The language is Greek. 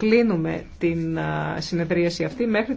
Κλείνουμε την συνεδρίαση αυτή μέχρι